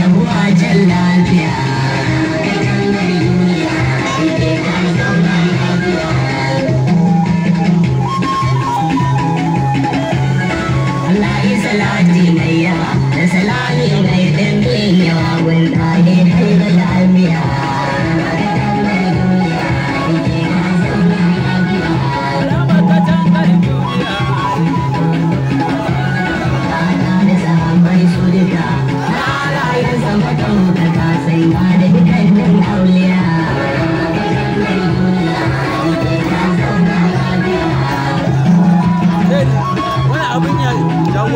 yabo a jan lafiya salati mai yawa da salami mai ɗan yawa wanda ne Mai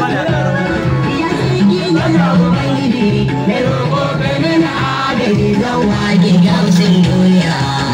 roƙo kai mana adadi zan